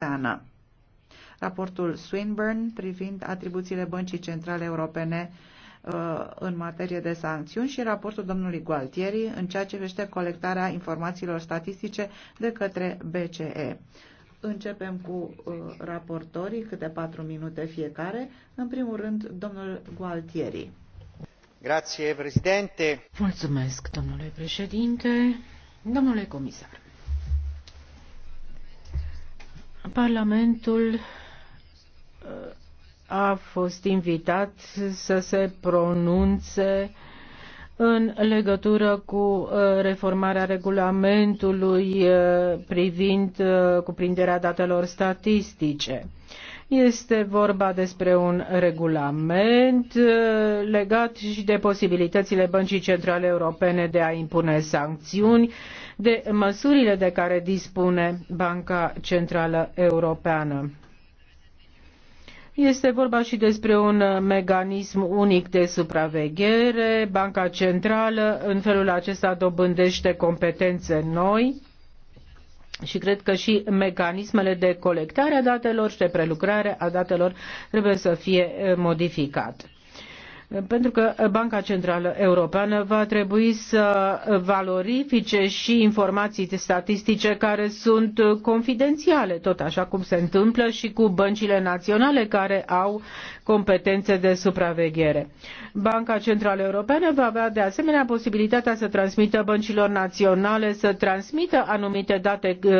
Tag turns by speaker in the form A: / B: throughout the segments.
A: Europeană. Raportul Swinburne privind atribuțiile Băncii Centrale Europene uh, în materie de sancțiuni și raportul domnului Gualtieri în ceea ce vește colectarea informațiilor statistice de către BCE. Începem cu uh, raportorii, câte patru minute fiecare. În primul rând, domnul
B: Gualtieri.
C: Grație, președinte.
B: Mulțumesc, domnule președinte, domnule comisar. Parlamentul uh, a fost invitat să se pronunțe în legătură cu uh, reformarea regulamentului uh, privind cuprinderea datelor statistice. Este vorba despre un regulament legat și de posibilitățile Băncii Centrale Europene de a impune sancțiuni de măsurile de care dispune Banca Centrală Europeană. Este vorba și despre un mecanism unic de supraveghere. Banca Centrală în felul acesta dobândește competențe noi și cred că și mecanismele de colectare a datelor și de prelucrare a datelor trebuie să fie modificate pentru că Banca Centrală Europeană va trebui să valorifice și informații statistice care sunt confidențiale, tot așa cum se întâmplă și cu băncile naționale care au competențe de supraveghere. Banca Centrală Europeană va avea de asemenea posibilitatea să transmită băncilor naționale, să transmită anumite date uh,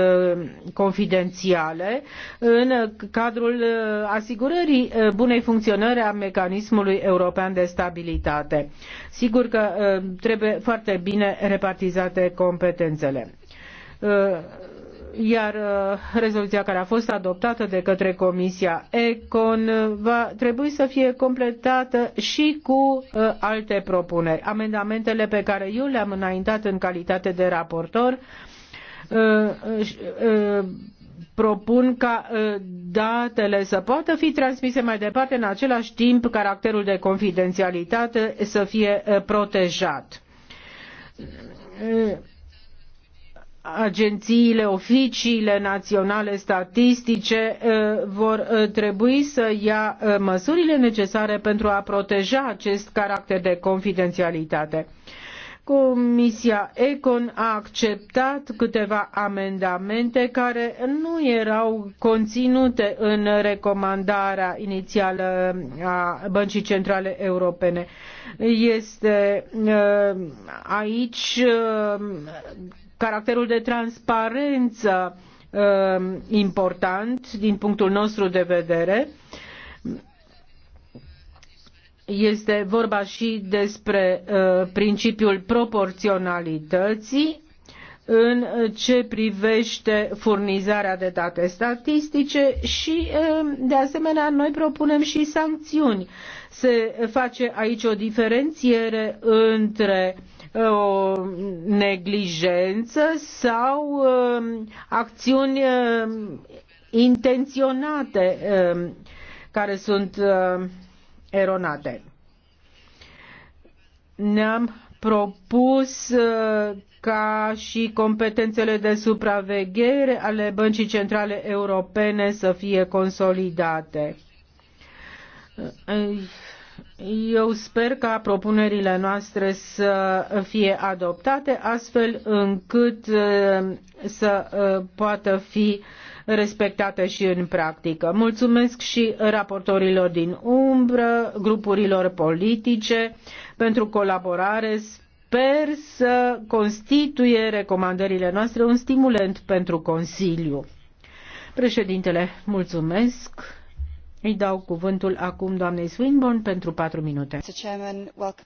B: confidențiale în cadrul uh, asigurării uh, bunei funcționări a mecanismului european de stabilitate. Sigur că trebuie foarte bine repartizate competențele iar uh, rezoluția care a fost adoptată de către Comisia Econ uh, va trebui să fie completată și cu uh, alte propuneri. Amendamentele pe care eu le-am înaintat în calitate de raportor propun ca datele să poată fi transmise mai departe, în același timp caracterul de confidențialitate să fie protejat agențiile, oficiile naționale statistice uh, vor uh, trebui să ia uh, măsurile necesare pentru a proteja acest caracter de confidențialitate. Comisia Econ a acceptat câteva amendamente care nu erau conținute în recomandarea inițială a Băncii Centrale Europene. Este aici caracterul de transparență um, important din punctul nostru de vedere. Este vorba și despre uh, principiul proporționalității în ce privește furnizarea de date statistice și, um, de asemenea, noi propunem și sancțiuni se face aici o diferențiere între uh, o neglijență sau um, acțiuni um, intenționate um, care sunt eronate. Ne-am propus uh, ca și competențele de supraveghere ale Băncii Centrale Europene să fie consolidate. Uh, eu sper ca propunerile noastre să fie adoptate astfel încât uh, să uh, poată fi respectate și în practică. Mulțumesc și raportorilor din umbră, grupurilor politice pentru colaborare. Sper să constituie recomandările noastre un stimulent pentru Consiliu. Președintele, mulțumesc. Îi dau cuvântul acum doamnei Swinburne pentru patru minute.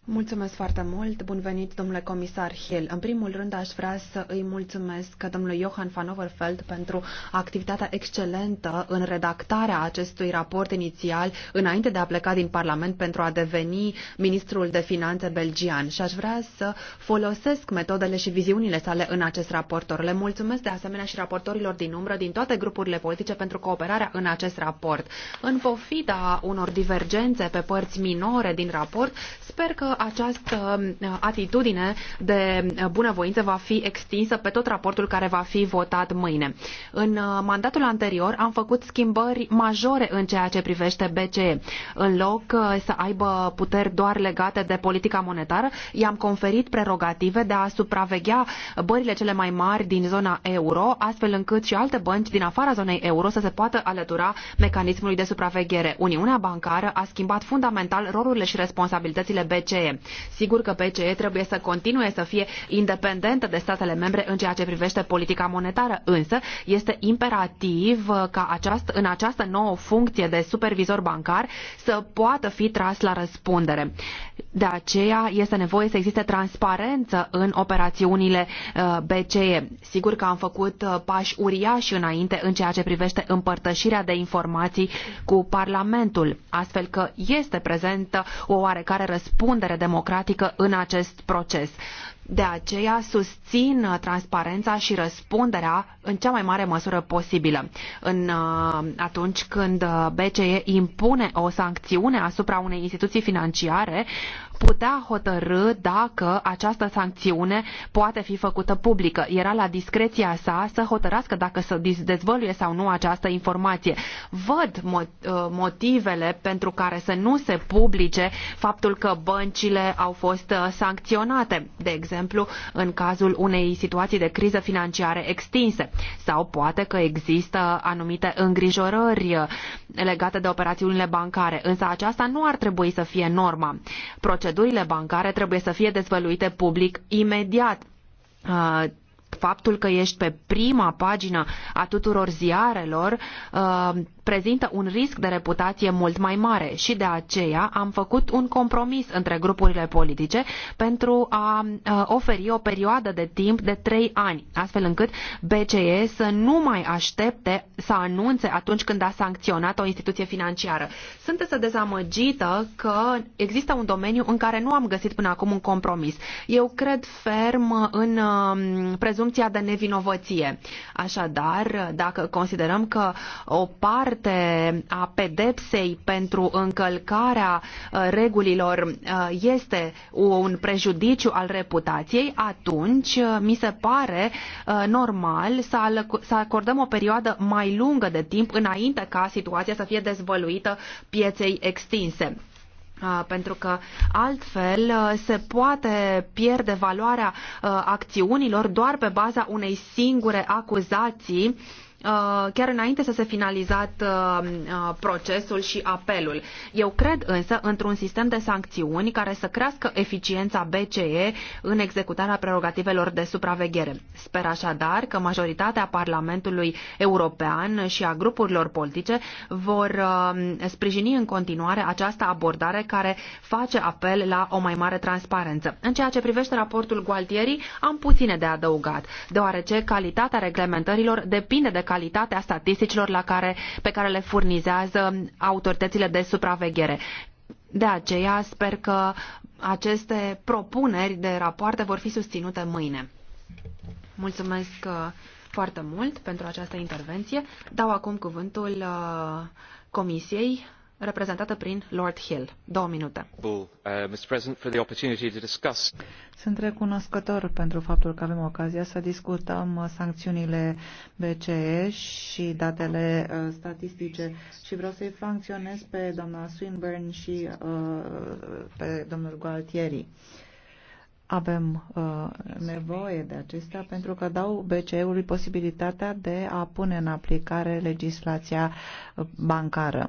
D: Mulțumesc foarte mult. Bun venit, domnule comisar Hill. În primul rând, aș vrea să îi mulțumesc domnului Johan van Overveld pentru activitatea excelentă în redactarea acestui raport inițial înainte de a pleca din Parlament pentru a deveni ministrul de finanțe belgian. Și aș vrea să folosesc metodele și viziunile sale în acest raport. Le mulțumesc de asemenea și raportorilor din umbră din toate grupurile politice pentru cooperarea în acest raport. În pofida unor divergențe pe părți minore din raport, sper că această uh, atitudine de uh, bunăvoință va fi extinsă pe tot raportul care va fi votat mâine. În uh, mandatul anterior am făcut schimbări majore în ceea ce privește BCE. În loc să aibă puteri doar legate de politica monetară, i-am conferit prerogative de a supraveghea bările cele mai mari din zona euro, astfel încât și alte bănci din afara zonei euro să se poată alătura mecanismului de supraveghere supraveghere. Uniunea bancară a schimbat fundamental rolurile și responsabilitățile BCE. Sigur că BCE trebuie să continue să fie independentă de statele membre în ceea ce privește politica monetară, însă este imperativ uh, ca aceast, în această nouă funcție de supervizor bancar să poată fi tras la răspundere. De aceea este nevoie să existe transparență în operațiunile uh, BCE. Sigur că am făcut uh, pași uriași înainte în ceea ce privește împărtășirea de informații cu Parlamentul, astfel că este prezentă o oarecare răspundere democratică în acest proces. De aceea susțin transparența și răspunderea în cea mai mare măsură posibilă. În, uh, atunci când BCE impune o sancțiune asupra unei instituții financiare, putea hotărâ dacă această sancțiune poate fi făcută publică. Era la discreția sa să hotărască dacă să dezvăluie sau nu această informație. Văd uh, motivele pentru care să nu se publice faptul că băncile au fost uh, sancționate, de exemplu în cazul unei situații de criză financiare extinse. Sau poate că există anumite îngrijorări uh, legate de operațiunile bancare, însă aceasta nu ar trebui să fie norma. Proces procedurile bancare trebuie să fie dezvăluite public imediat uh, faptul că ești pe prima pagină a tuturor ziarelor uh, prezintă un risc de reputație mult mai mare și de aceea am făcut un compromis între grupurile politice pentru a uh, oferi o perioadă de timp de trei ani, astfel încât BCE să nu mai aștepte să anunțe atunci când a sancționat o instituție financiară. Sunt să dezamăgită că există un domeniu în care nu am găsit până acum un compromis. Eu cred ferm în uh, prezumția de nevinovăție. Așadar, dacă considerăm că o parte a pedepsei pentru încălcarea uh, regulilor uh, este un prejudiciu al reputației, atunci uh, mi se pare normal să acordăm o perioadă mai lungă de timp înainte ca situația să fie dezvăluită pieței extinse. Ah, pentru că altfel ah, se poate pierde valoarea ah, acțiunilor doar pe baza unei singure acuzații Uh, chiar înainte să se finalizat uh, uh, procesul și apelul. Eu cred însă într-un sistem de sancțiuni care să crească eficiența BCE în executarea prerogativelor de supraveghere. Sper așadar că majoritatea Parlamentului European și a grupurilor politice vor sprijini în continuare această abordare care face apel la o mai mare transparență. În ceea ce privește raportul Gualtieri, am puține de adăugat, deoarece calitatea reglementărilor depinde de calitatea statisticilor la care, pe care le furnizează autoritățile de supraveghere. De aceea sper că aceste propuneri de rapoarte vor fi susținute mâine. Mulțumesc uh, foarte mult pentru această intervenție. Dau acum cuvântul uh, Comisiei reprezentată prin Lord Hill. Două minute. Uh, Sunt recunoscător pentru faptul că avem ocazia
A: să discutăm uh, sancțiunile BCE și datele uh, statistice și vreau să-i sancționez pe doamna Swinburne și pe domnul Gualtieri avem uh, nevoie de acestea pentru că dau BCE-ului posibilitatea de a pune în aplicare legislația bancară.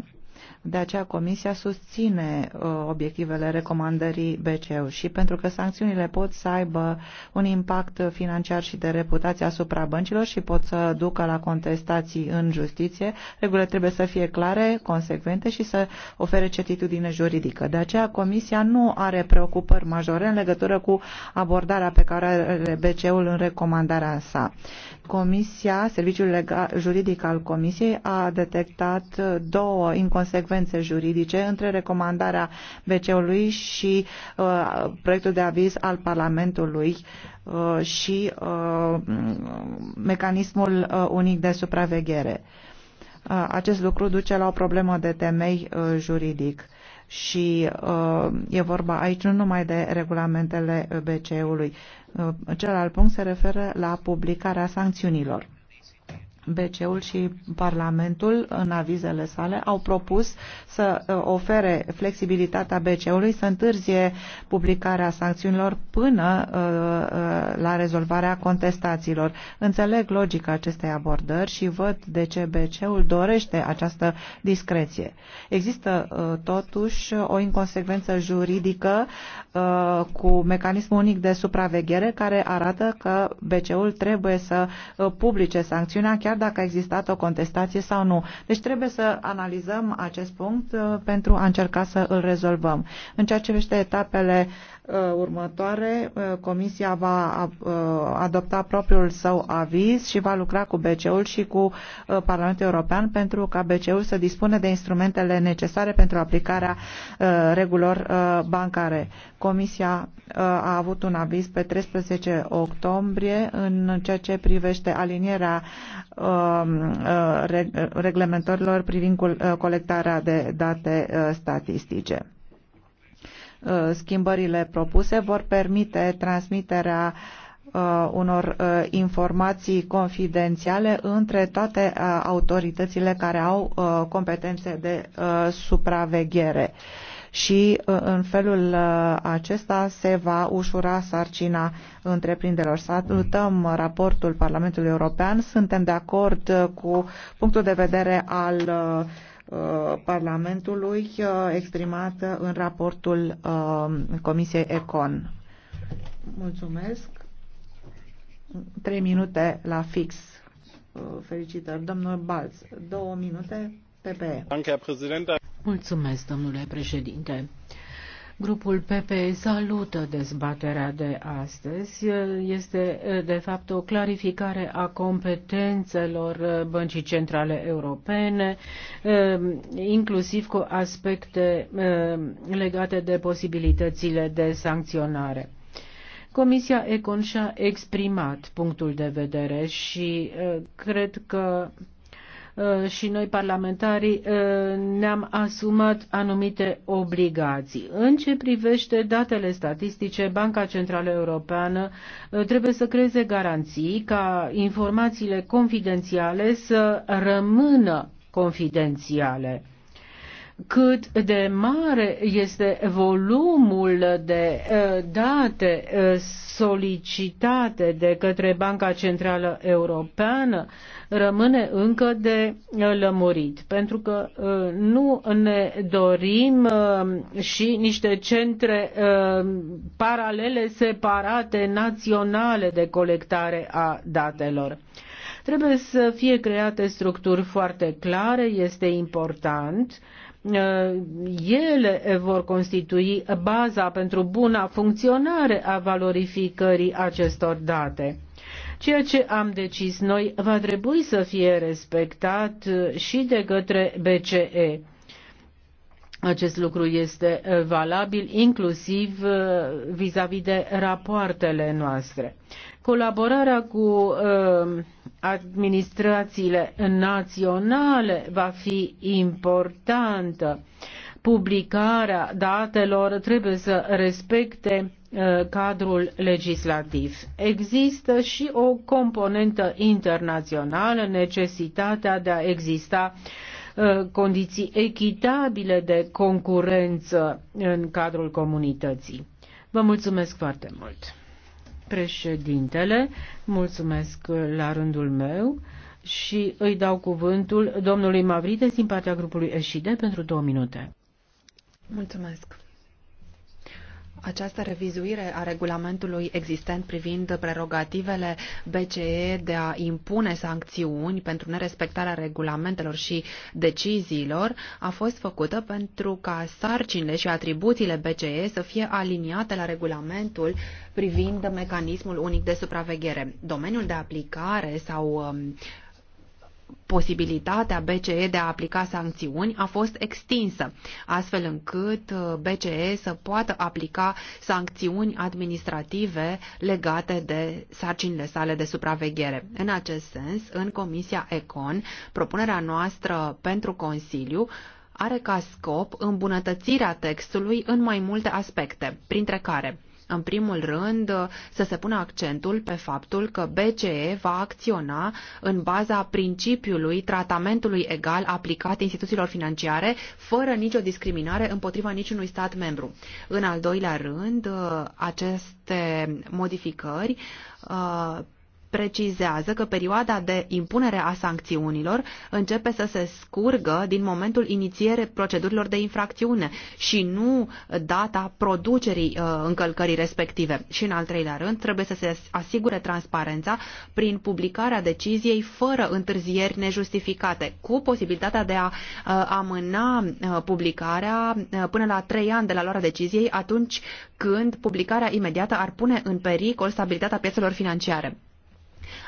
A: De aceea Comisia susține uh, obiectivele recomandării BCU și pentru că sancțiunile pot să aibă un impact financiar și de reputație asupra băncilor și pot să ducă la contestații în justiție, regulile trebuie să fie clare, consecvente și să ofere certitudine juridică. De aceea Comisia nu are preocupări majore în legătură cu abordarea pe care are BCU-ul în recomandarea sa. Comisia, Serviciul Legal, Juridic al Comisiei a detectat două inconsecvențe consecvențe juridice între recomandarea bce ului și uh, proiectul de aviz al Parlamentului uh, și uh, mecanismul uh, unic de supraveghere. Uh, acest lucru duce la o problemă de temei uh, juridic și uh, e vorba aici nu numai de regulamentele BCE-ului. Uh, celălalt punct se referă la publicarea sancțiunilor. BCE-ul și Parlamentul, în avizele sale, au propus să uh, ofere flexibilitatea BCE-ului să întârzie publicarea sancțiunilor până uh, uh, la rezolvarea contestațiilor. Înțeleg logica acestei abordări și văd de ce BCE-ul dorește această discreție. Există totuși o inconsecvență juridică cu mecanismul unic de supraveghere care arată că BCE-ul trebuie să publice sancțiunea chiar chiar dacă a existat o contestație sau nu. Deci trebuie să analizăm acest punct uh, pentru a încerca să îl rezolvăm. În ceea ce privește etapele Uh, următoare, uh, Comisia va uh, adopta propriul său aviz și va lucra cu BCE-ul și cu Parlamentul European pentru ca BCE-ul să dispune de instrumentele necesare pentru aplicarea regulilor bancare. Comisia a avut un aviz pe 13 octombrie în ceea ce privește alinierea reglementărilor privind colectarea de date statistice. Uh, schimbările propuse vor permite transmiterea uh, unor uh, informații confidențiale între toate autoritățile care au competențe de supraveghere și în felul acesta se va ușura sarcina întreprinderilor. Salutăm raportul Parlamentului European, suntem de acord cu punctul de vedere al Uh, Parlamentului uh, exprimată în raportul uh, Comisiei Econ. Mulțumesc. Trei minute la fix. Felicitări. Domnul Balz. două minute.
C: PPE.
B: Mulțumesc, domnule președinte. Grupul PPE salută dezbaterea de astăzi. Este, de fapt, o clarificare a competențelor Băncii Centrale Europene, um, inclusiv cu aspecte um, legate de posibilitățile de sancționare. Comisia Econ și-a exprimat punctul de vedere și uh, cred că Uh, și noi parlamentarii uh, ne-am asumat anumite obligații. În ce privește datele statistice, Banca Centrală Europeană uh, trebuie să creeze garanții ca informațiile confidențiale să rămână confidențiale cât de mare este volumul de eh, date eh, solicitate de către Banca Centrală Europeană rămâne încă de eh, lămurit, pentru că nu ne dorim și niște centre paralele, separate, naționale de colectare a datelor. Trebuie să fie create structuri foarte clare, este important uh, Uh, ele vor constitui baza pentru buna funcționare a valorificării acestor date. Ceea ce am decis noi va trebui să fie respectat uh, și de către BCE. Acest lucru este uh, valabil inclusiv uh, vis-a-vis -vis de rapoartele noastre. Colaborarea cu uh, administrațiile naționale va fi importantă. Publicarea datelor trebuie să respecte cadrul legislativ. Există și o componentă internațională, necesitatea de a exista uh, Uh, condiții echitabile de concurență în cadrul comunității. Vă mulțumesc foarte mult. Președintele, mulțumesc la rândul meu și îi dau cuvântul domnului Mavride din partea grupului Eșide pentru două minute.
D: Mulțumesc. Această revizuire a regulamentului existent privind prerogativele BCE de a impune sancțiuni pentru nerespectarea regulamentelor și deciziilor a fost făcută pentru ca sarcinile și atribuțiile BCE să fie aliniate la regulamentul privind mecanismul unic de supraveghere. Domeniul de aplicare sau um, posibilitatea BCE de a aplica sancțiuni a fost extinsă, astfel încât uh, BCE să poată aplica sancțiuni administrative legate de sarcinile sale de supraveghere. În acest sens, în Comisia Econ, propunerea noastră pentru Consiliu are ca scop îmbunătățirea textului în mai multe aspecte, printre care în primul rând, să se pună accentul pe faptul că BCE va acționa în baza principiului tratamentului egal aplicat instituțiilor financiare, fără nicio discriminare împotriva niciunui stat membru. În al doilea rând, aceste modificări uh, precizează că perioada de impunere a sancțiunilor începe să se scurgă din momentul inițiere procedurilor de infracțiune și nu data producerii uh, încălcării respective. Și în al treilea rând, trebuie să se asigure transparența prin publicarea deciziei fără întârzieri nejustificate, cu posibilitatea de a uh, amâna uh, publicarea până la trei ani de la luarea deciziei atunci când publicarea imediată ar pune în pericol stabilitatea piețelor financiare.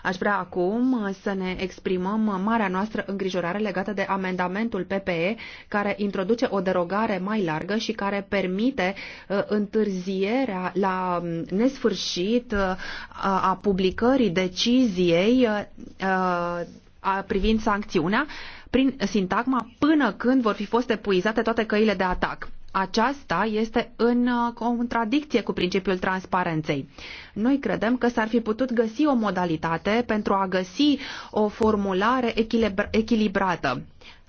D: Aș vrea acum uh, să ne exprimăm uh, marea noastră îngrijorare legată de amendamentul PPE care introduce o derogare mai largă și care permite uh, întârzierea la um, nesfârșit a publicării deciziei privind sancțiunea prin sintagma până când vor fi fost epuizate toate căile de atac aceasta este în uh, contradicție cu principiul transparenței. Noi credem că s-ar fi putut găsi o modalitate pentru a găsi o formulare echilibrată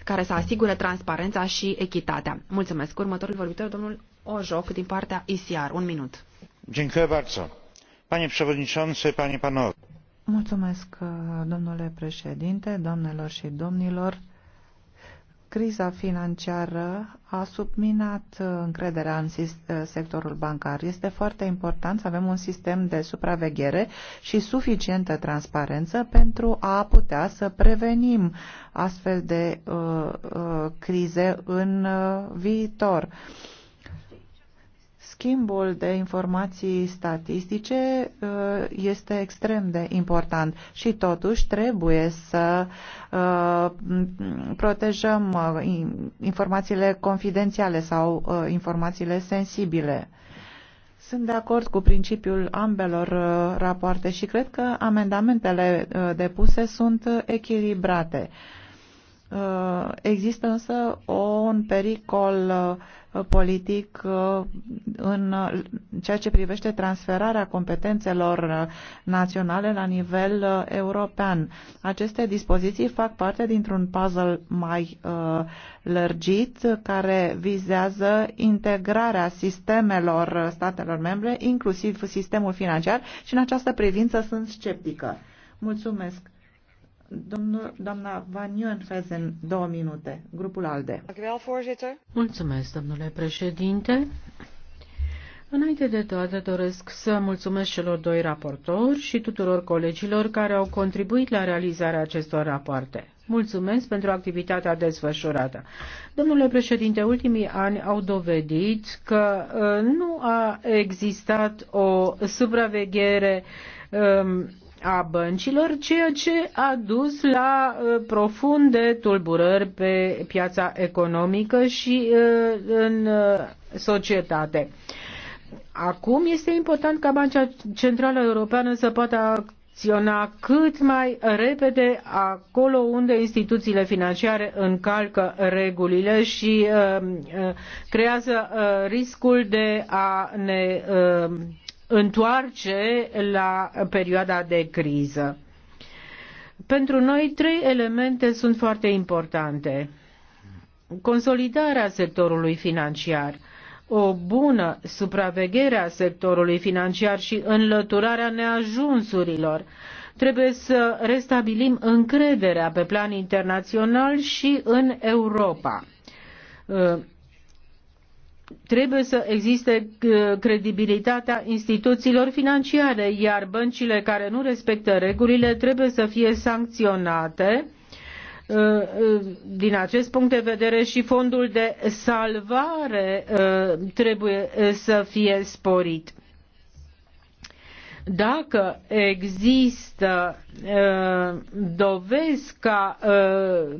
D: care să asigure transparența și echitatea. Mulțumesc. Următorul vorbitor, domnul Ojoc, din partea ICR. Un minut.
C: Dziękuję bardzo. Panie przewodniczący, panie panowie.
A: Mulțumesc, domnule președinte, doamnelor și domnilor. Criza financiară a subminat uh, încrederea în uh, sectorul bancar. Este foarte important să avem un sistem de supraveghere și suficientă transparență pentru a putea să prevenim astfel de uh, uh, crize în uh, viitor. Uh, Schimbul de informații statistice uh, este extrem de important și totuși trebuie să uh, protejăm uh, informațiile confidențiale sau informațiile sensibile. Sunt de acord cu principiul ambelor rapoarte și cred că amendamentele depuse sunt echilibrate. Uh, există însă un pericol uh, politic uh, în ceea ce privește transferarea competențelor naționale la nivel european. Aceste dispoziții fac parte dintr-un puzzle mai lărgit care vizează integrarea sistemelor statelor membre, inclusiv sistemul financiar și în această privință sunt sceptică. Mulțumesc! Domnul, doamna Van Nieuwenhuizen, două minute, grupul ALDE.
B: Mulțumesc, domnule președinte. Înainte de toate, doresc să mulțumesc celor doi raportori și tuturor colegilor care au contribuit la realizarea acestor rapoarte. Mulțumesc pentru activitatea desfășurată. Domnule președinte, ultimii ani au dovedit că uh, nu a existat o supraveghere um, a băncilor, ceea ce a dus la uh, profunde tulburări pe piața economică și uh, în uh, societate. Acum este important ca Banca Centrală Europeană să poată acționa cât mai repede acolo unde instituțiile financiare încalcă regulile și uh, creează uh, riscul de a ne uh, întoarce la perioada de criză. Pentru noi trei elemente sunt foarte importante. Consolidarea sectorului financiar, o bună supraveghere a sectorului financiar și înlăturarea neajunsurilor. Trebuie să restabilim încrederea pe plan internațional și în Europa trebuie să existe uh, credibilitatea instituțiilor financiare, iar băncile care nu respectă regulile trebuie să fie sancționate. Uh, uh, din acest punct de vedere și fondul de salvare trebuie să fie sporit. Dacă există dovezi ca,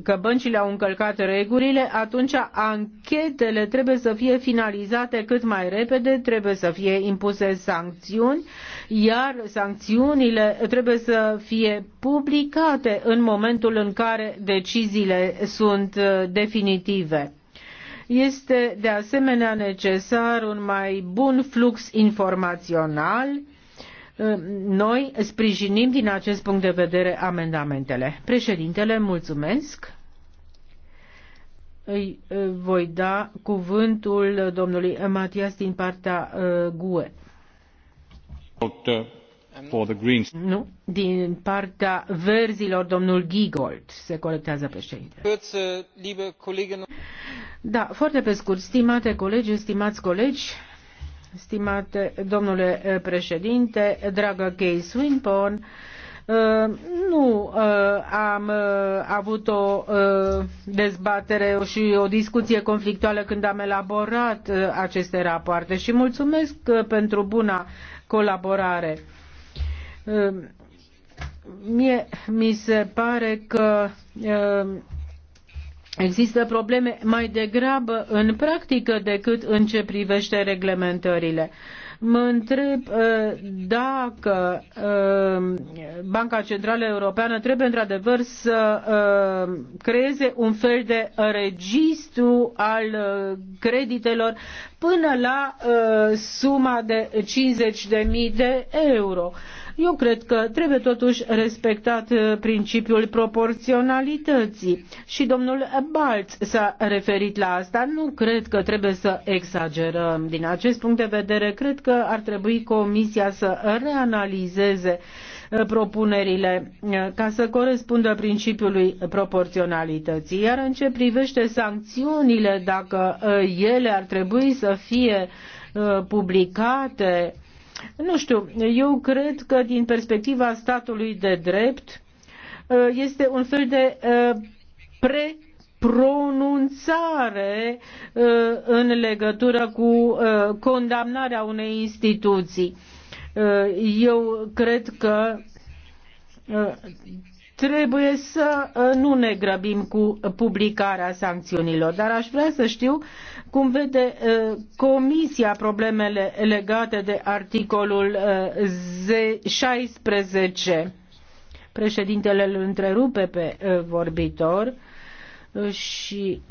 B: că băncile au încălcat regulile, atunci anchetele trebuie să fie finalizate cât mai repede, trebuie să fie impuse sancțiuni, iar sancțiunile trebuie să fie publicate în momentul în care deciziile sunt definitive. Este de asemenea necesar un mai bun flux informațional noi sprijinim din acest punct de vedere amendamentele. Președintele, mulțumesc. Îi voi da cuvântul domnului Matias din partea GUE. Nu, din partea verzilor, domnul Gigold se colectează președinte. Da, foarte pe scurt, stimate colegi, stimați colegi, Stimate domnule eh, președinte, dragă Gay Swinpon, eh, nu eh, am avut o dezbatere și o discuție conflictuală când am elaborat aceste rapoarte și mulțumesc pentru buna colaborare. Mie mi se pare că Există probleme mai degrabă în practică decât în ce privește reglementările. Mă întreb uh, dacă uh, Banca Centrală Europeană trebuie într-adevăr să uh, creeze un fel de registru al creditelor până la suma de 50.000 de euro. Eu cred că trebuie totuși respectat uh, principiul proporționalității și domnul Balț s-a referit la asta. Nu cred că trebuie să exagerăm. Din acest punct de vedere, cred că ar trebui Comisia să reanalizeze uh, propunerile uh, ca să corespundă principiului proporționalității. Iar în ce privește sancțiunile, dacă ele ar trebui să fie publicate, nu știu, eu cred că din perspectiva statului de drept uh, este un fel de uh, prepronunțare uh, în legătură cu condamnarea unei instituții. Eu cred că Uh, trebuie să uh, nu ne grăbim cu publicarea sancțiunilor, dar aș vrea să știu cum vede uh, Comisia problemele legate de articolul 16. Președintele îl întrerupe pe vorbitor și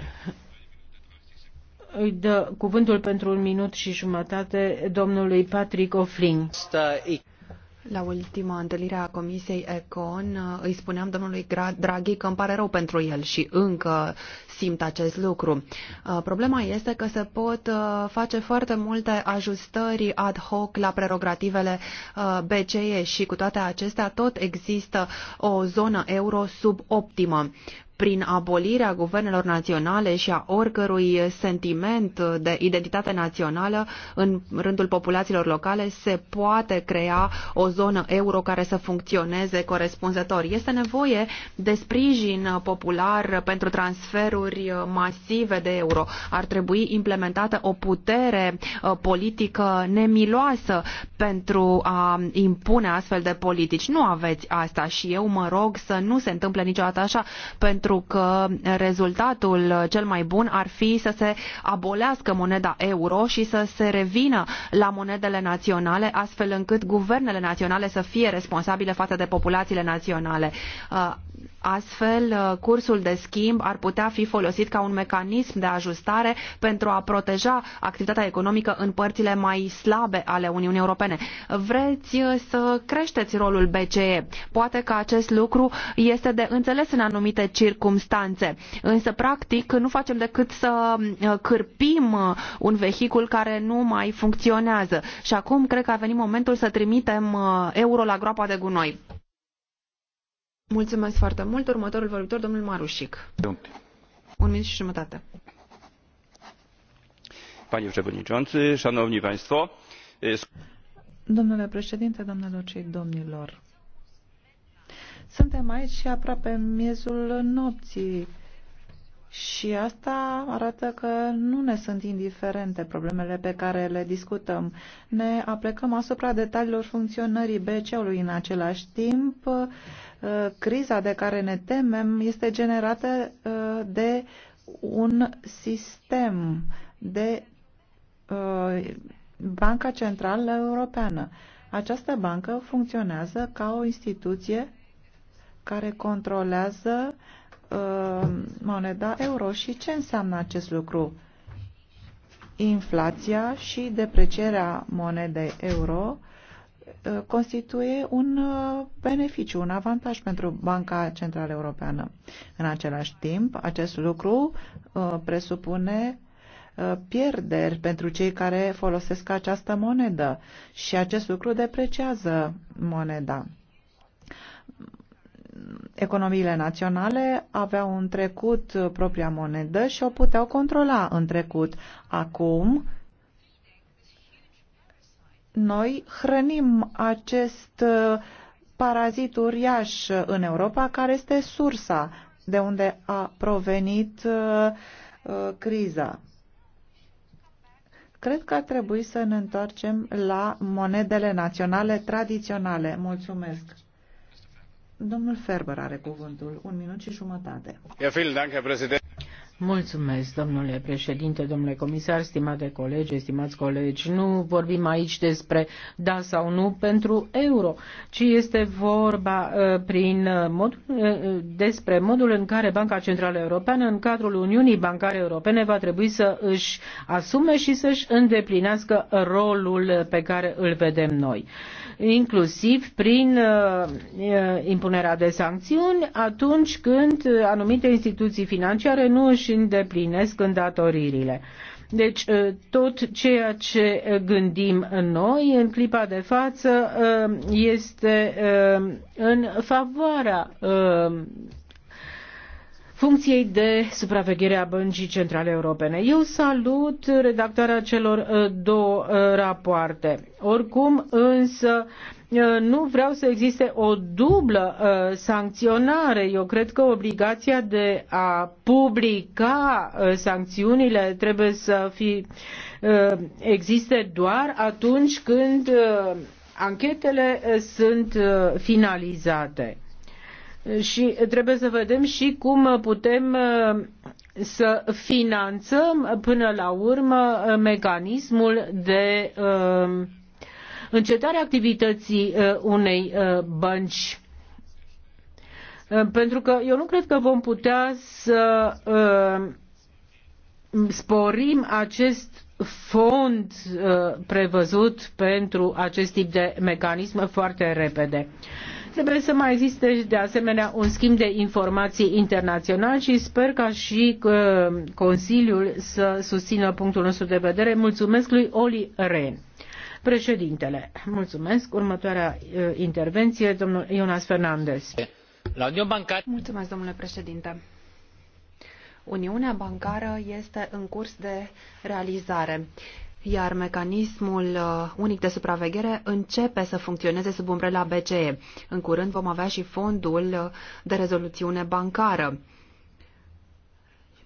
B: îi dă cuvântul pentru un minut și jumătate domnului Patrick O'Flynn. La ultima întâlnire a Comisiei
D: Econ uh, îi spuneam domnului Draghi că îmi pare rău pentru el și încă simt acest lucru. Uh, problema este că se pot uh, face foarte multe ajustări ad hoc la prerogativele BCE și cu toate acestea tot există o zonă euro suboptimă prin abolirea guvernelor naționale și a oricărui sentiment de identitate națională în rândul populațiilor locale, se poate crea o zonă euro care să funcționeze corespunzător. Este nevoie de sprijin popular pentru transferuri masive de euro. Ar trebui implementată o putere uh, politică nemiloasă pentru a impune astfel de politici. Nu aveți asta și eu mă rog să nu se întâmple niciodată așa pentru pentru că rezultatul cel mai bun ar fi să se abolească moneda euro și să se revină la monedele naționale, astfel încât guvernele naționale să fie responsabile față de populațiile naționale Astfel, uh, cursul de schimb ar putea fi folosit ca un mecanism de ajustare pentru a proteja activitatea economică în părțile mai slabe ale Uniunii Europene. Vreți uh, să creșteți rolul BCE. Poate că acest lucru este de înțeles în anumite circumstanțe, însă practic nu facem decât să uh, cârpim un vehicul care nu mai funcționează. Și acum cred că a venit momentul să trimitem euro la groapa de gunoi. Mulțumesc foarte mult. Următorul vorbitor, domnul Marușic. Un minut și jumătate.
C: Panie Przewodniczący, Szanowni Państwo.
A: Domnule președinte, domnilor și domnilor, suntem aici și aproape miezul nopții și asta arată că nu ne sunt indiferente problemele pe care le discutăm. Ne aplecăm asupra detaliilor funcționării BC-ului în același timp. Uh, criza de care ne temem este generată uh, de un sistem de uh, Banca Centrală Europeană. Această bancă funcționează ca o instituție care controlează uh, Uh, moneda euro. Și ce înseamnă acest lucru? Inflația și deprecierea monedei euro uh, constituie un uh, beneficiu, un avantaj pentru Banca Centrală Europeană. În același timp, acest lucru presupune pierderi pentru cei care folosesc această monedă și acest lucru depreciază moneda economiile naționale aveau în trecut propria monedă și o puteau controla în trecut. Acum, noi hrănim acest uh, parazit uriaș în Europa, care este sursa de unde a provenit uh, uh, criza. Cred că ar trebui să ne întoarcem la monedele naționale tradiționale. Mulțumesc! Domnul Ferber are cuvântul. Un minut și jumătate.
B: Mulțumesc, domnule președinte, domnule comisar, stimate colegi, estimați colegi. Nu vorbim aici despre da sau nu pentru euro, ci este vorba uh, prin uh, mod, uh, despre modul în care Banca Centrală Europeană, în cadrul Uniunii Bancare Europene, va trebui să își asume și să-și îndeplinească rolul pe care îl vedem noi inclusiv prin impunerea de sancțiuni atunci când anumite instituții financiare nu își își îndeplinesc îndatoririle. Deci ă, tot ceea ce gândim noi în clipa de față ă, este ă, în favoarea funcției de supraveghere a Băncii Centrale Europene. Eu salut redactarea celor uh, două uh, rapoarte. Oricum, însă, uh, nu vreau să existe o dublă sancționare. Eu cred că obligația de a publica sancțiunile trebuie să fi, existe doar atunci când anchetele sunt finalizate și trebuie să vedem și cum putem uh, să finanțăm până la urmă uh, mecanismul de uh, încetare activității unei bănci. Pentru că eu nu cred că vom putea să sporim acest fond prevăzut pentru acest tip de mecanism foarte repede. Trebuie să mai existe de asemenea un schimb de informații internațional și sper ca și uh, Consiliul să susțină punctul nostru de vedere. Mulțumesc lui Oli Rehn. Președintele, mulțumesc. Următoarea uh, intervenție, domnul Ionas Fernandez.
D: La Uniunea Bancară. Mulțumesc, domnule președinte.
B: Uniunea bancară
D: este în curs de realizare iar mecanismul uh, unic de supraveghere începe să funcționeze sub umbrela BCE. În curând vom avea și fondul uh, de rezoluțiune bancară,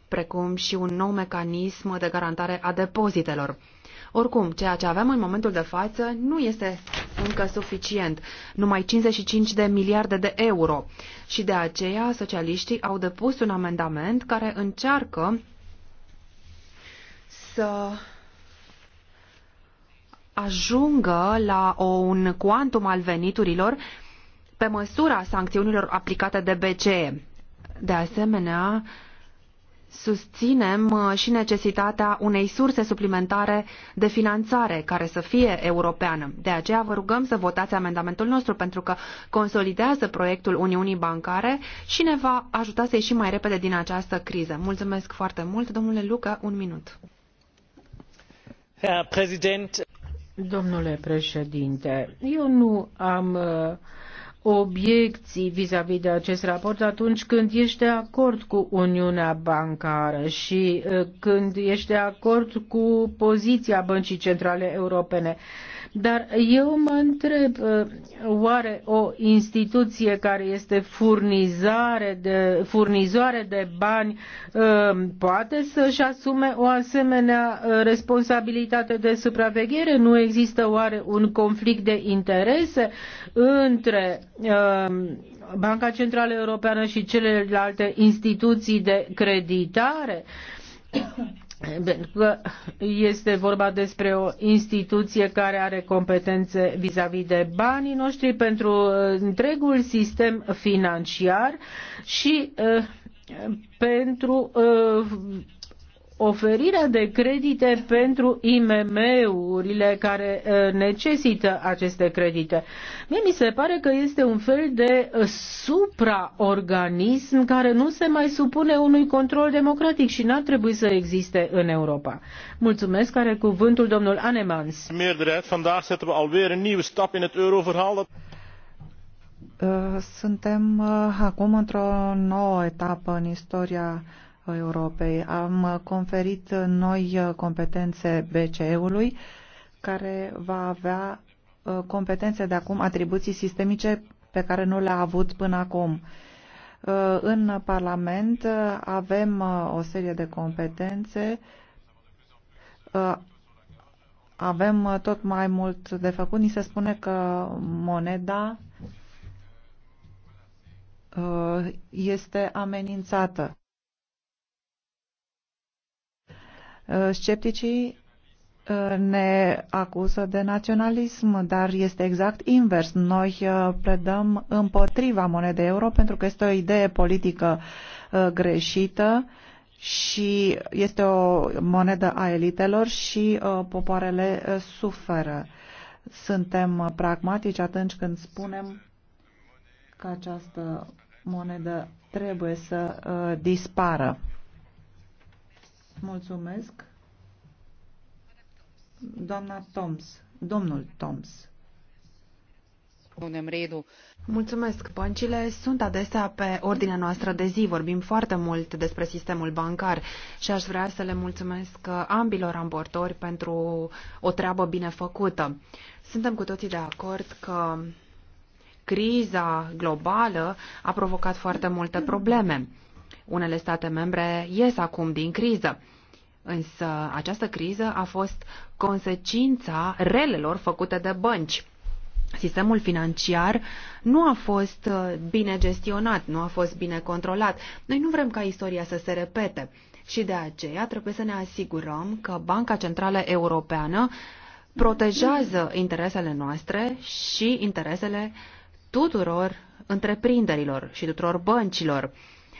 D: precum și un nou mecanism de garantare a depozitelor. Oricum, ceea ce avem în momentul de față nu este încă suficient, numai 55 de miliarde de euro. Și de aceea, socialiștii au depus un amendament care încearcă să ajungă la o, un cuantum al veniturilor pe măsura sancțiunilor aplicate de BCE. De asemenea, susținem uh, și necesitatea unei surse suplimentare de finanțare care să fie europeană. De aceea vă rugăm să votați amendamentul nostru pentru că consolidează proiectul Uniunii Bancare și ne va ajuta să ieșim mai repede din această criză. Mulțumesc foarte mult. Domnule Luca,
B: un minut.
C: Herr Präsident,
B: Domnule președinte, eu nu am uh, obiecții vis-a-vis -vis de acest raport atunci când ești de acord cu Uniunea Bancară și uh, când ești de acord cu poziția Băncii Centrale Europene. Uh, dar eu mă întreb, uh, oare o instituție care este furnizare de, furnizoare de bani uh, poate să-și asume o asemenea uh, responsabilitate de supraveghere? Nu există oare un conflict de interese între Banca Centrală Europeană și celelalte instituții de creditare? pentru că este vorba despre o instituție care are competențe vis-a-vis de banii noștri pentru uh, întregul sistem financiar și uh, pentru uh, oferirea de credite pentru IMM-urile care uh, necesită aceste credite. Mie mi se pare că este un fel de uh, supraorganism care nu se mai supune unui control democratic și n-ar trebui să existe în Europa. Mulțumesc, are cuvântul domnul Anemans. Uh, suntem
A: acum într-o nouă etapă în istoria Europei. Am conferit noi competențe BCE-ului, care va avea uh, competențe de acum, atribuții sistemice pe care nu le-a avut până acum. Uh, în Parlament uh, avem o serie de competențe, avem tot mai mult de făcut. Ni se spune că moneda este amenințată. Uh, scepticii uh, ne acuză de naționalism, dar este exact invers. Noi uh, predăm împotriva monedei euro pentru că este o idee politică greșită și este o monedă a elitelor și popoarele suferă. Suntem pragmatici atunci când spunem că această monedă trebuie să dispară. Mulțumesc. Doamna Toms, domnul
D: Toms. Mulțumesc. Băncile sunt adesea pe ordinea noastră de zi. Vorbim foarte mult despre sistemul bancar și aș vrea să le mulțumesc ambilor amportori pentru o treabă bine făcută. Suntem cu toții de acord că criza globală a provocat foarte multe probleme unele state membre ies acum din criză. Însă această criză a fost consecința relelor făcute de bănci. Sistemul financiar nu a fost uh, bine gestionat, nu a fost bine controlat. Noi nu vrem ca istoria să se repete și de aceea trebuie să ne asigurăm că Banca Centrală Europeană protejează interesele noastre și interesele tuturor întreprinderilor și tuturor băncilor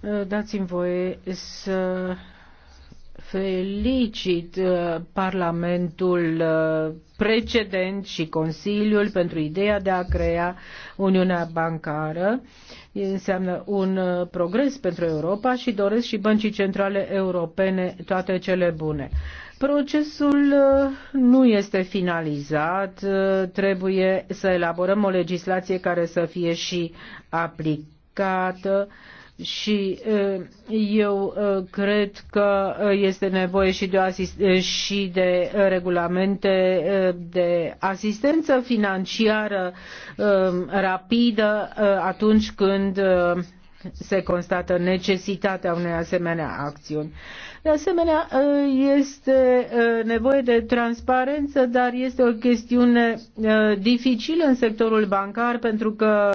B: Eh, dați-mi voie să felicit eh, Parlamentul eh, precedent și Consiliul pentru ideea de a crea Uniunea Bancară. Înseamnă un progres pentru Europa și doresc și băncii centrale europene toate cele bune. Procesul nu este finalizat, trebuie să elaborăm o legislație care să fie și aplicată și eu cred că este nevoie și de, și de regulamente de asistență financiară rapidă atunci când se constată necesitatea unei asemenea acțiuni. De asemenea, ă, este ă, nevoie de transparență, dar este o chestiune ă, dificilă în sectorul bancar pentru că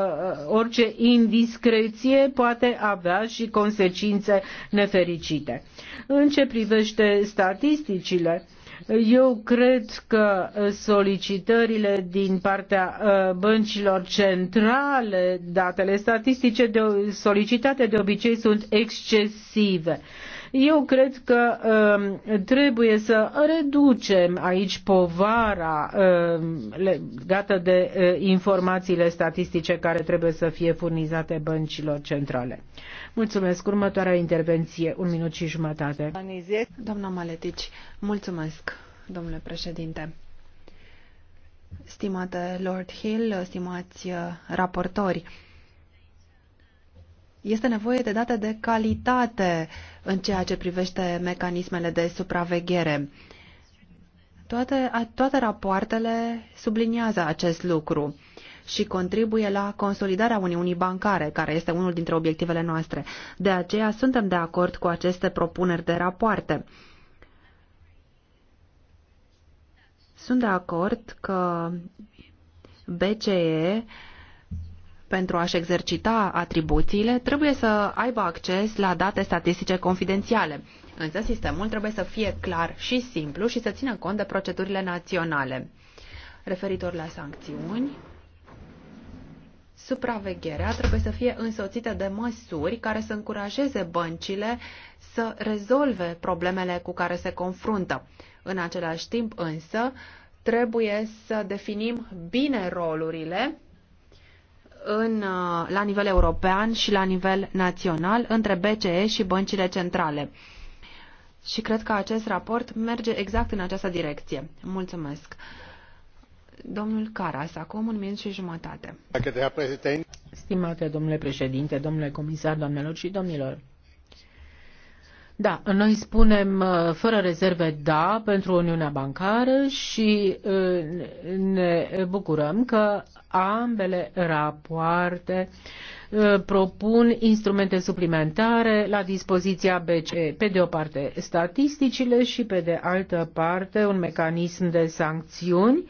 B: orice indiscreție poate avea și consecințe nefericite. În ce privește statisticile, eu cred că solicitările din partea băncilor centrale, datele statistice de, solicitate de obicei sunt excesive. Eu cred că um, trebuie să reducem aici povara um, legată de uh, informațiile statistice care trebuie să fie furnizate băncilor centrale. Mulțumesc. Următoarea intervenție, un minut și jumătate.
D: Doamna Maletici, mulțumesc, domnule președinte. Stimate Lord Hill, stimați uh, raportori, este nevoie de date de calitate în ceea ce privește mecanismele de supraveghere. Toate, toate rapoartele subliniază acest lucru și contribuie la consolidarea Uniunii Bancare, care este unul dintre obiectivele noastre. De aceea suntem de acord cu aceste propuneri de rapoarte. Sunt de acord că BCE pentru a-și exercita atribuțiile, trebuie să aibă acces la date statistice confidențiale. Însă sistemul trebuie să fie clar și simplu și să țină cont de procedurile naționale. Referitor la sancțiuni, supravegherea trebuie să fie însoțită de măsuri care să încurajeze băncile să rezolve problemele cu care se confruntă. În același timp însă, trebuie să definim bine rolurile în, uh, la nivel european și la nivel național între BCE și băncile centrale. Și cred că acest raport merge exact în această direcție. Mulțumesc. Domnul Caras, acum un minut și jumătate.
B: Stimate domnule președinte, domnule comisar, doamnelor și domnilor, da, noi spunem uh, fără rezerve da pentru Uniunea Bancară și uh, ne bucurăm că ambele rapoarte uh, propun instrumente suplimentare la dispoziția BCE. Pe de o parte statisticile și pe de altă parte un mecanism de sancțiuni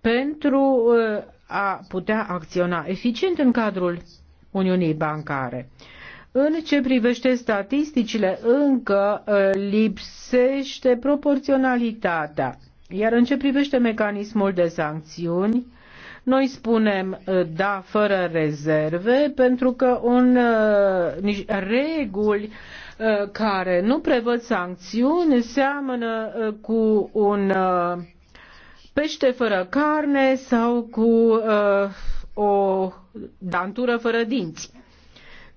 B: pentru a putea acționa eficient în cadrul Uniunii Bancare. În ce privește statisticile, încă uh, lipsește proporționalitatea. Iar în ce privește mecanismul de sancțiuni, noi spunem uh, da fără rezerve pentru că un, uh, reguli uh, care nu prevăd sancțiuni seamănă cu un pește fără carne sau cu o dantură fără dinți.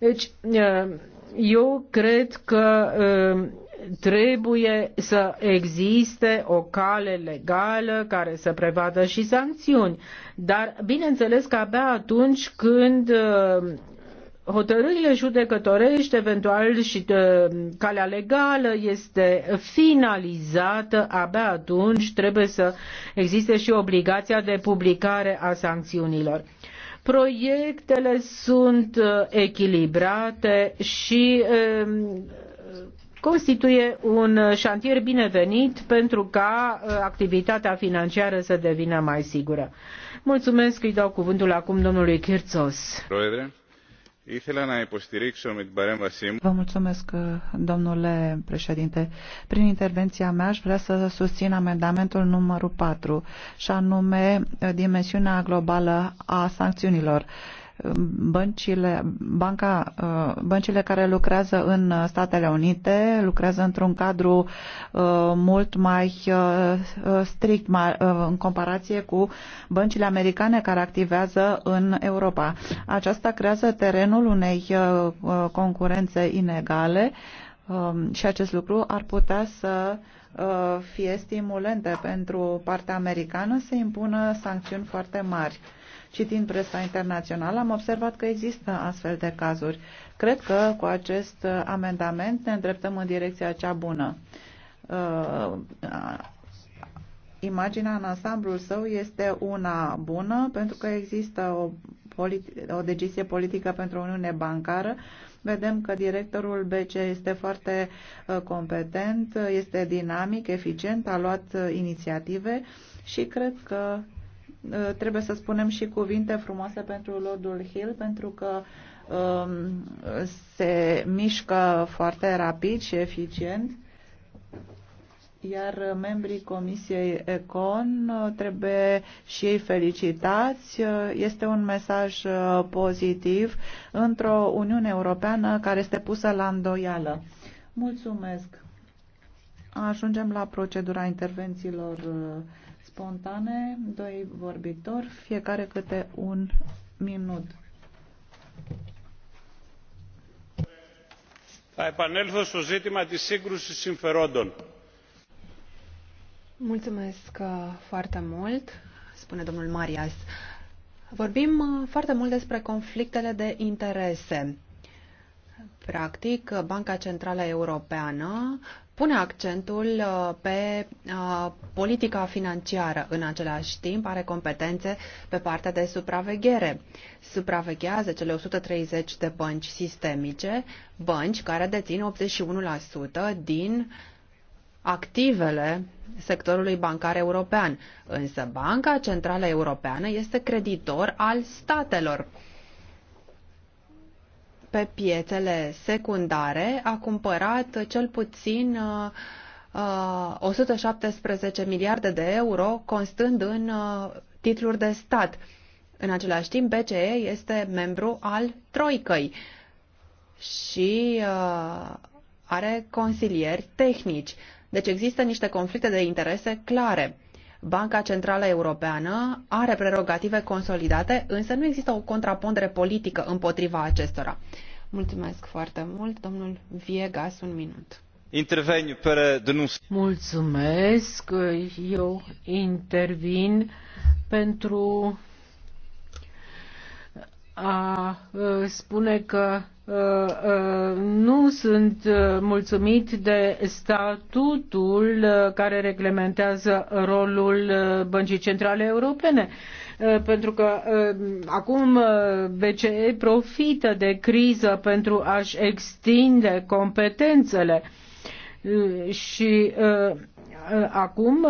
B: Deci, eu cred că trebuie să existe o cale legală care să prevadă și sancțiuni. Dar, bineînțeles că abia atunci când hotărârile judecătorești, eventual și calea legală este finalizată, abia atunci trebuie să existe și obligația de publicare a sancțiunilor. Proiectele sunt uh, echilibrate și um, constituie un șantier binevenit pentru ca uh, activitatea financiară să devină mai sigură. Mulțumesc, îi dau cuvântul acum domnului
C: Vă
A: mulțumesc, domnule președinte. Prin intervenția mea aș vrea să susțin amendamentul numărul 4, și anume dimensiunea globală a sancțiunilor băncile, banca, uh, băncile care lucrează în Statele Unite lucrează într-un cadru uh, mult mai uh, strict mai, în comparație cu băncile americane care activează în Europa. Aceasta creează terenul unei concurențe inegale um, și acest lucru ar putea să fie stimulente pentru partea americană să impună sancțiuni foarte mari. Citind presa internațională, am observat că există astfel de cazuri. Cred că cu acest amendament ne îndreptăm în direcția cea bună. Uh, imaginea în ansamblul său este una bună pentru că există o, politi- o decizie politică pentru Uniune Bancară Vedem că directorul BC este foarte uh, competent, este dinamic, eficient, a luat uh, inițiative și cred că Eh, trebuie să spunem și cuvinte frumoase pentru Lordul Hill, pentru că um, se mișcă foarte rapid și eficient, iar membrii Comisiei Econ eh, trebuie și ei felicitați. Eh, este un mesaj pozitiv într-o Uniune Europeană care este pusă la îndoială. Mulțumesc! Ajungem la procedura intervențiilor spontane, doi vorbitori, fiecare câte un minut.
C: Θα επανέλθω στο ζήτημα της σύγκρουσης συμφερόντων.
D: Mulțumesc uh, foarte mult, spune domnul Marias. Vorbim uh, foarte mult despre conflictele de interese. Practic, Banca Centrală Europeană pune accentul uh, pe uh, politica financiară. În același timp are competențe pe partea de supraveghere. Supraveghează cele 130 de bănci sistemice, bănci care dețin 81% din activele sectorului bancar european. Însă Banca Centrală Europeană este creditor al statelor pe piețele secundare a cumpărat cel puțin 117 uh, uh, miliarde de euro, constând în uh, titluri de stat. În același timp, BCE este membru al Troicăi și are consilieri tehnici. Deci există niște conflicte de interese clare. Banca Centrală Europeană are prerogative consolidate, însă nu există o contrapondere politică împotriva acestora. Mulțumesc foarte mult, domnul
B: Viegas, un minut.
C: Interveniu pe denunț.
B: Mulțumesc, eu intervin pentru a uh, spune că Uh, uh, nu sunt uh, mulțumit de statutul care reglementează rolul Băncii Centrale Europene, pentru că acum BCE profită de criză pentru a-și extinde competențele și acum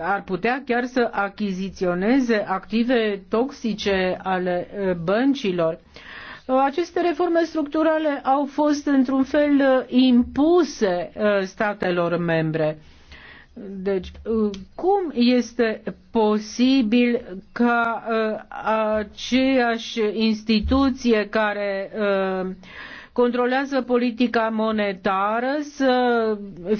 B: ar putea chiar să achiziționeze active toxice ale băncilor. Uh, aceste reforme structurale au fost într-un fel uh, impuse uh, statelor membre. Deci, uh, cum este posibil ca aceeași instituție care controlează politica monetară să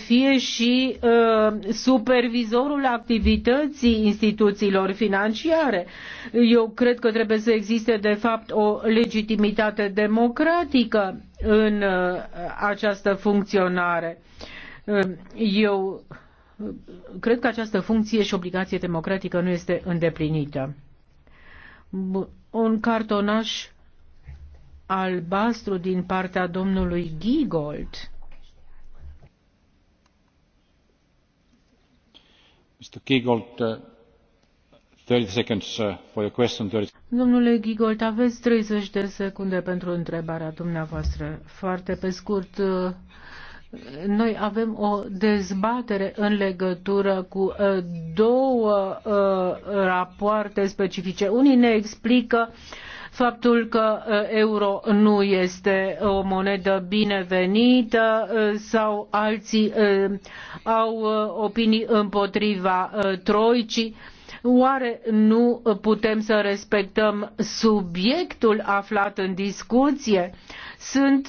B: fie și uh, supervizorul activității instituțiilor financiare. Eu cred că trebuie să existe de fapt o legitimitate democratică în uh, această funcționare. Uh, eu cred că această funcție și obligație democratică nu este îndeplinită. Un cartonaș albastru din partea domnului Giegold.
C: Mr. Giegold, uh, 30 seconds uh, for your question. 30...
B: Domnule Giegold, aveți 30 de secunde pentru întrebarea dumneavoastră. Foarte pe scurt, uh, noi avem o dezbatere în legătură cu uh, două uh, rapoarte specifice. Unii ne explică uh, faptul că euro nu este o monedă binevenită sau alții au opinii împotriva troicii oare nu putem să respectăm subiectul aflat în discuție? Sunt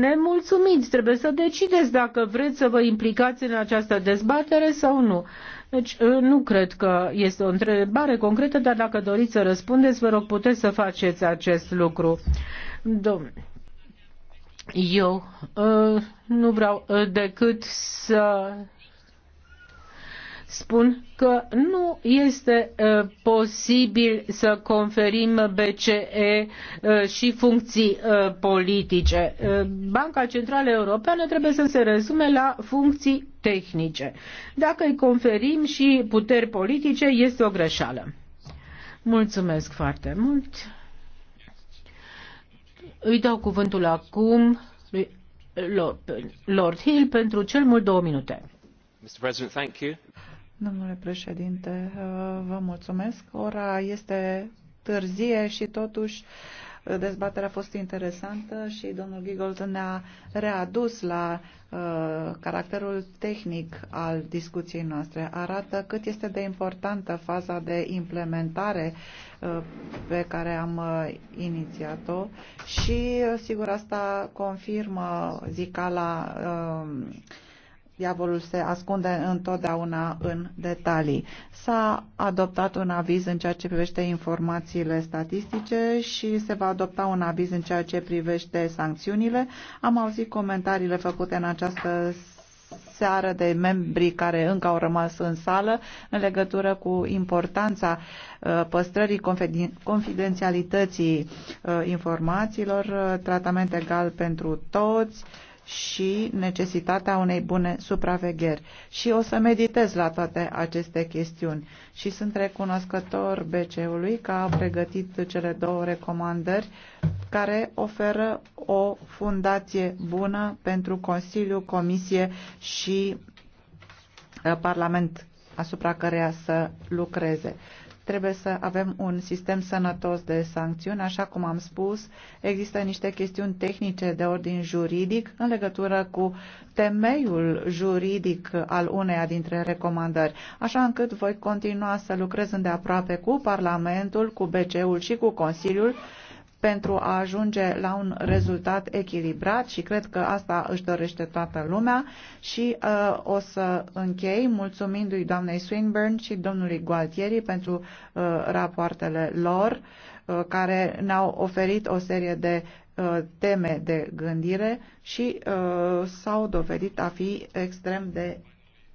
B: nemulțumiți, trebuie să decideți dacă vreți să vă implicați în această dezbatere sau nu. Deci ă, nu cred că este o întrebare concretă, dar dacă doriți să răspundeți, vă rog, puteți să faceți acest lucru. Domnul. Eu ă, nu vreau ă, decât să spun că nu este uh, posibil să conferim BCE uh, și funcții uh, politice. Banca Centrală Europeană trebuie să se rezume la funcții tehnice. Dacă îi conferim și puteri politice, este o greșeală. Mulțumesc foarte mult. Îi dau cuvântul acum lui Lord Hill pentru cel mult două minute.
C: Mr. President, thank you.
A: Domnule președinte, vă mulțumesc. Ora este târzie și totuși dezbaterea a fost interesantă și domnul Gigold ne-a readus la uh, caracterul tehnic al discuției noastre. Arată cât este de importantă faza de implementare uh, pe care am uh, inițiat-o și, uh, sigur, asta confirmă, zicala uh, Diavolul se ascunde întotdeauna în detalii. S-a adoptat un aviz în ceea ce privește informațiile statistice și se va adopta un aviz în ceea ce privește sancțiunile. Am auzit comentariile făcute în această seară de membrii care încă au rămas în sală în legătură cu importanța uh, păstrării confidențialității uh, informațiilor, uh, tratament egal pentru toți, și necesitatea unei bune supravegheri. Și o să meditez la toate aceste chestiuni și sunt recunoscător BC-ului că a pregătit cele două recomandări care oferă o fundație bună pentru Consiliu, Comisie și eh, Parlament asupra căreia să lucreze. Trebuie să avem un sistem sănătos de sancțiuni. Așa cum am spus, există niște chestiuni tehnice de ordin juridic în legătură cu temeiul juridic al uneia dintre recomandări, așa încât voi continua să lucrez îndeaproape cu Parlamentul, cu BCE-ul și cu Consiliul pentru a ajunge la un rezultat echilibrat și cred că asta își dorește toată lumea și uh, o să închei mulțumindu-i doamnei Swinburne și domnului Gualtieri pentru uh, rapoartele lor uh, care ne-au oferit o serie de uh, teme de gândire și uh, s-au dovedit a fi extrem de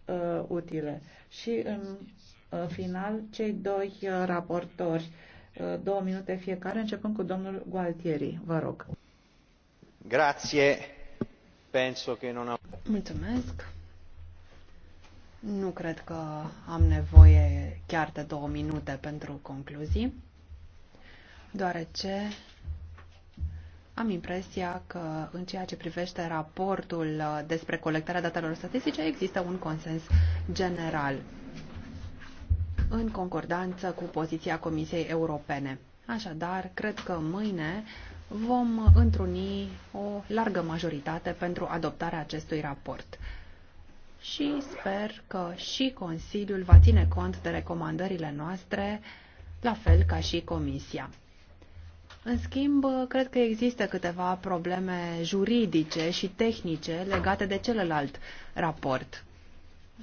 A: uh, utile. Și în uh, final, cei doi uh, raportori uh, Eh, două minute fiecare, începând cu domnul Gualtieri. Vă
C: rog. Grazie. Penso che non am...
D: Mulțumesc. Nu cred că am nevoie chiar de două minute pentru concluzii, deoarece am impresia că în ceea ce privește raportul eh, despre colectarea datelor statistice există un consens general în concordanță cu poziția Comisiei Europene. Așadar, cred că mâine vom întruni o largă majoritate pentru adoptarea acestui raport. Și sper că și Consiliul va ține cont de recomandările noastre, la fel ca și Comisia. În schimb, cred că există câteva probleme juridice și tehnice legate de celălalt raport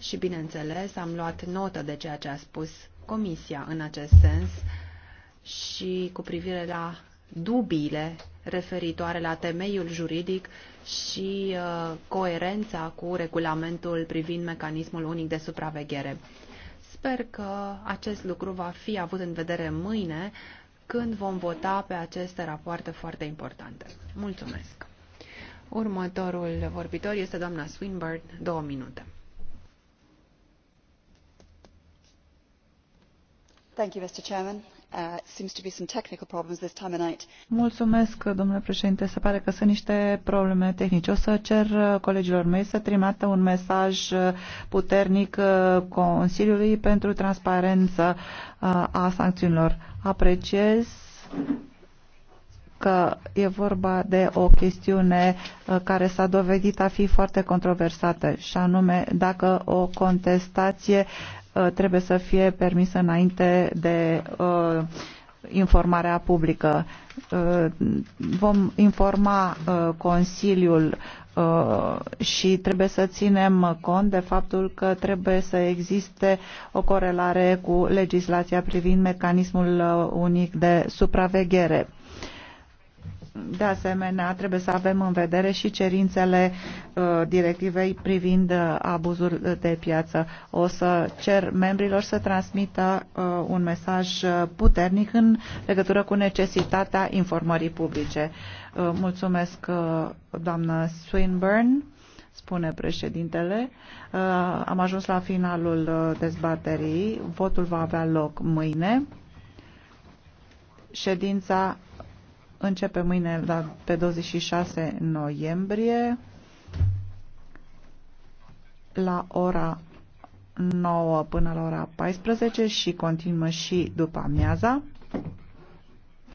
D: și, bineînțeles, am luat notă de ceea ce a spus Comisia în acest sens și cu privire la dubiile referitoare la temeiul juridic și uh, coerența cu regulamentul privind mecanismul unic de supraveghere. Sper că acest lucru va fi avut în vedere mâine când vom vota pe aceste rapoarte foarte importante. Mulțumesc! Următorul vorbitor este doamna Swinburne, două minute.
A: Mulțumesc, domnule președinte. Se pare că sunt niște probleme tehnice. O să cer uh, colegilor mei să trimită un mesaj uh, puternic uh, Consiliului pentru transparență a sancțiunilor. Apreciez că e vorba de o chestiune care s-a dovedit a fi foarte controversată și anume dacă o contestație Uh, trebuie să fie permisă înainte de uh, informarea publică. Uh, vom informa Consiliul și trebuie să ținem cont de faptul că trebuie să existe o corelare cu legislația privind mecanismul unic de supraveghere de asemenea, trebuie să avem în vedere și cerințele uh, directivei privind uh, abuzul de piață. O să cer membrilor să transmită uh, un mesaj uh, puternic în legătură cu necesitatea informării publice. Uh, mulțumesc, uh, doamnă Swinburne spune președintele. Uh, am ajuns la finalul uh, dezbaterii. Votul va avea loc mâine. Ședința începe mâine la, pe 26 noiembrie la ora 9 până la ora 14 și continuă și după amiaza.